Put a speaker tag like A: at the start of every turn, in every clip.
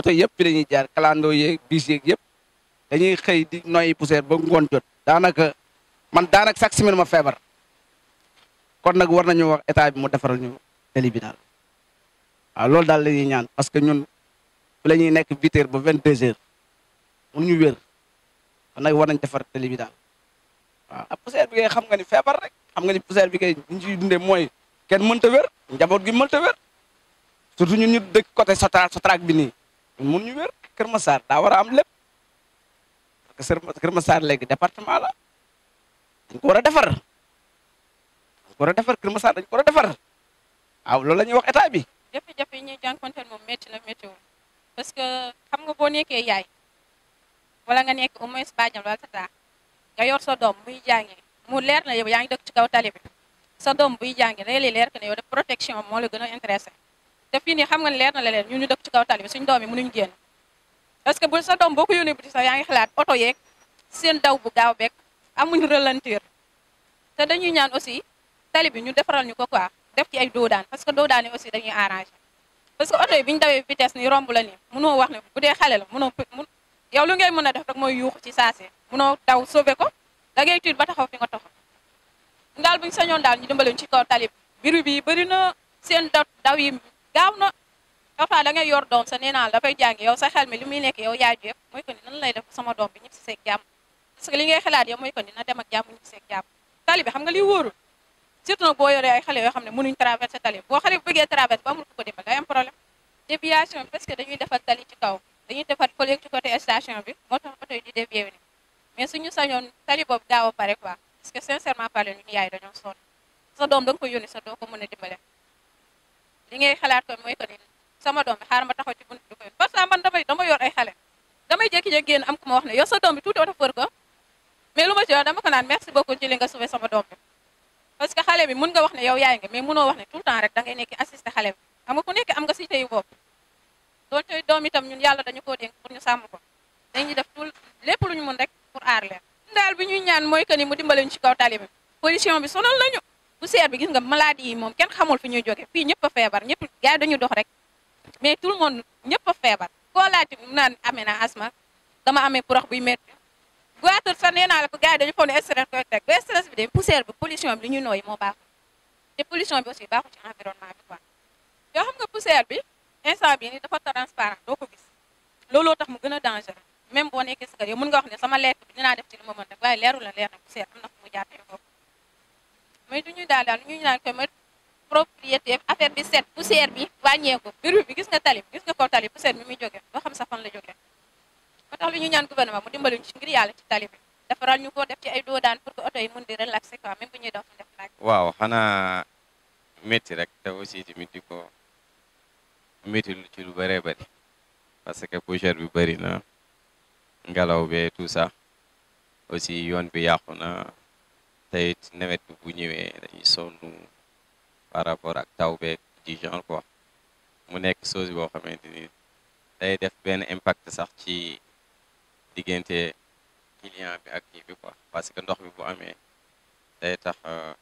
A: oto yëpp fi dañuy jaar kalandoo yeeg bis yeeg yëpp di noyyi poussière ba ngoon jot daanaka man daanaka chaque semaine ma feebar kon nag war nañu wax état bi mu defaral ñu tali daal waaw loolu daal la ñaan parce que ñun fi la ñuy nekk huit ba vingt deux heures mun ñu wér kon nag war nañ defar tali bi daal waaw poussière bi kay xam nga ni feebar rek xam nga ni poussière bi kay ñu ciy mooy kenn mënta wér njaboot gi mënta wér surtout ñun ñu dëkk côté sotra sotraak bi nii mun ñu wér Kër Massar daa war a am lépp parce que Kër Massar léegi département la war a defar dañ ko war defar Kër Massar dañ ko defar waaw loolu la ñuy wax état bi.
B: jafe-jafe yi ñuy jànkuwanteel moom métti na météo parce que xam nga boo nekkee yaay wala nga nekk au moins bàjjam wala tata nga yor sa doom muy jàngi mu leer na yow yaa ngi dëkk ci kaw tali bi sa doom buy jàngi day leer que ne yow de protection moo la gën a intéressé. te fii nii xam nga leer na la leen ñun ñu dëkk ci kaw tali bi doom yi mënuñ génn parce que bu sa doom boo ko yónnee biti sax yaa ngi xalaat oto yeeg seen daw bu gaaw beeg amuñ ralentir te dañuy ñaan aussi tali bi ñu defaral ñu ko quoi def ci ay doodaan parce que doodaan yi aussi dañuy arrangé parce que oto yi bi ñu dawee vitesse ni romb la nii mënoo wax ne bu dee xale la mënoo yow lu ngay mën a def rek mooy yuuxu ci saase mënoo daw sauver ko da ngay tuuti ba taxaw fi nga taxaw daal buñ sañoon daal ñu dimbale ci kaw tali bi biru bëri na seen daw daw yi gaaw na dafa da yor doom sa nee naa la dafay jàngi yow sa xel mi li muy nekk yow yaay yëpp mooy ko ni nan lay def sama doom bi ñëpp si seeg jàmm parce que li ngay xalaat yow mooy ko ni na dem jàmm ñëpp jàmm tali bi xam nga liy wóorul surtout boo yoree ay xale yoo xam ne mënuñ traversé tali boo xale bu bëggee traversé ba amul ko ko dimbal day am problème déviation parce que dañuy defar tali ci kaw dañuy defar collègue ci côté station bi moo tax oto yi di dévié ni mais suñu que sincèrement parlé ñu yaay da ko yónni sa li ngay xalaat kon mooy que ni sama doom bi xaaral ma taxaw ci buntu bi ko yoon parce que man damay dama yor ay xale damay jékki-jékki génn am ku ma wax ne yow sa doom bi tuuti oto fër ko mais lu ma ci wax dama ko naan merci beaucoup ci li bi parce xale bi mun nga wax ne yow yaay nga mais munoo wax ne tout temps rek da ngay nekk xale bi xam nga ku nekk am nga cité bopp donte doom itam ñun yàlla dañu koo dénk pour ñu sàmm ko dañuy def tout lépp lu ñu mun rek pour aar leen daal bi ñuy ñaan mooy que ni mu dimbale ñu ci kaw tali bi pollution bi sonal nañu poussière bi gis nga maladie yi moom kenn xamul fi ñuy joge fii ñëpp a feebar ñëpp gars yi dañu dox rek mais tout le monde ñëpp a feebar koo laajte mu naan amee naa asma dama amee porox buy métti goiatul sax nee naa la ko gars yi dañu foog bi de poussière bi pollution bi li ñuy nooyi moo baaxul te pollution bi aussi baaxul ci environnement bi quoi yoo xam nga poussière bi instant bi ni dafa transparent doo ko gis looloo tax mu gën a dangereux même boo nekkee sa kër yow mën nga wax ne sama lekk bi dinaa def ci li ma rek waaye leeru la leer na poussière am na fu mooy du ñu daal daal ñu naan ko mat propriété affaire bi set poussière bi wàññeeku biru bi gis nga tali gis nga ko tali poussière bi muy jógee doo xam sa la jógee moo tax li ñu ñaan gouvernement mu dimbaluñ ci ngir yàlla ci tali bi defaral ñu ko def ci ay doodaan pour que oto yi mun di relaxé quoi même
C: waaw xanaa métti rek te aussi tamit di ko métti lu ci lu bëree bëri parce que poussière bi bëri na ngelaw bi tout ça aussi yoon bi yàqu na te it nawet bi bu ñëwee dañuy sonn par rapport ak taw beeg du genre quoi mu nekk soos boo xamante ni day def benn impact sax ci diggante client bi ak kii bi parce que ndox mi bu amee day tax euh,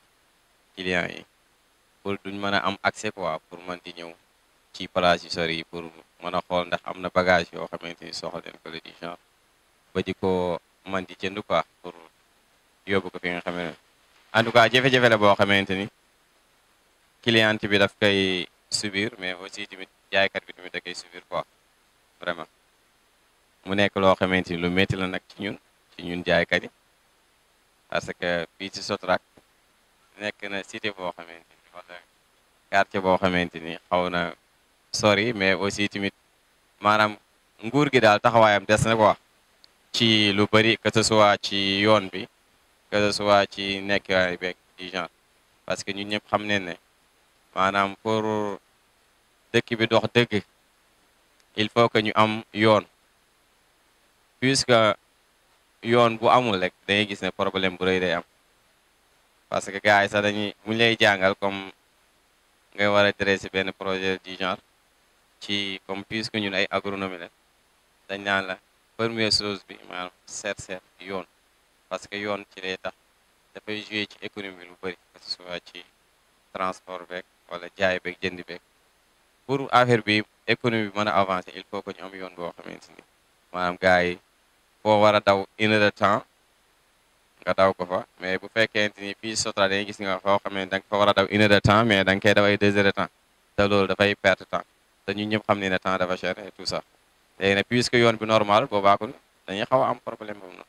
C: client yi pour duñ mën a am accès quoi pour mën di ñëw ci place yu sori yi pour mën a xool ndax am na bagage yoo xamante ni soxla leen ko le du genre ba di ko mën di jënd quoi yóbbu ko fi nga xam ne en tout cas jafe-jafe boo xamante ni client bi daf koy subir mais aussi tamit jaaykat bi tamit da koy subir quoi vraiment mu nekk loo xamante ni lu métti la nag ci ñun ci ñun jaaykat yi parce que fii ci Sotrac nekk na cité boo xamante wala quartier boo xamante ni xaw na sori mais aussi tamit maanaam nguur gi daal taxawaayam des na quoi ci lu bëri que soit ci yoon bi que ce soit ci nekkiwaay beeg ci genre parce que ñu ñëpp xam ne ne maanaam pour dëkk bi dox dëgg il faut que ñu am yoon puisque yoon bu amul rek dañuy gis ne problème bu rëy day am parce que gars yi sax dañuy mu lay jàngal comme nga war a dresser benn projet du genre ci comme puisque ñun ay agronomie la dañ naan la première chose bi maanaam seet seet yoon parce que yoon ci lay tax dafay joué ci économie lu bëri que ci transport beeg wala jaay beeg jënd beeg pour affaire bi économie bi mën a avancer il faut que ñu am yoon boo xamante ni maanaam gars yi foo war a daw une heure de temps nga daw ko fa mais bu fekkente ni fii sotra dañuy gis nga foo xam ne da nga fa war a daw une de temps mais da nga koy daw ay deux heures de temps te loolu dafay perte temps te ñun ñëpp xam ne ne temps dafa cher et tout ça léegi yoon bi normal boo baaxul dañuy xaw a am problème boobu